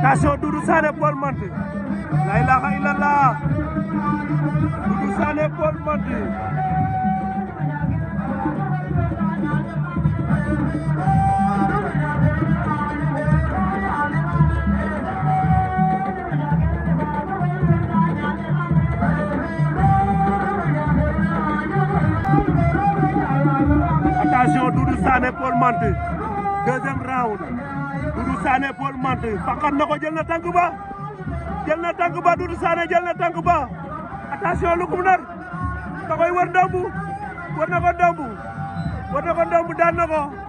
attention Doudou Sané Paul Mendy la ilaha illallah Doudou Sané Paul Mendy attention Doudou Sané Paul Mendy Sané Paul Menthe faqat na ko jël ba jël na ba Doudou Sané jël na tànk ba attention lu kum nar da koy war ndombu war na ko ndombu war na ko daan na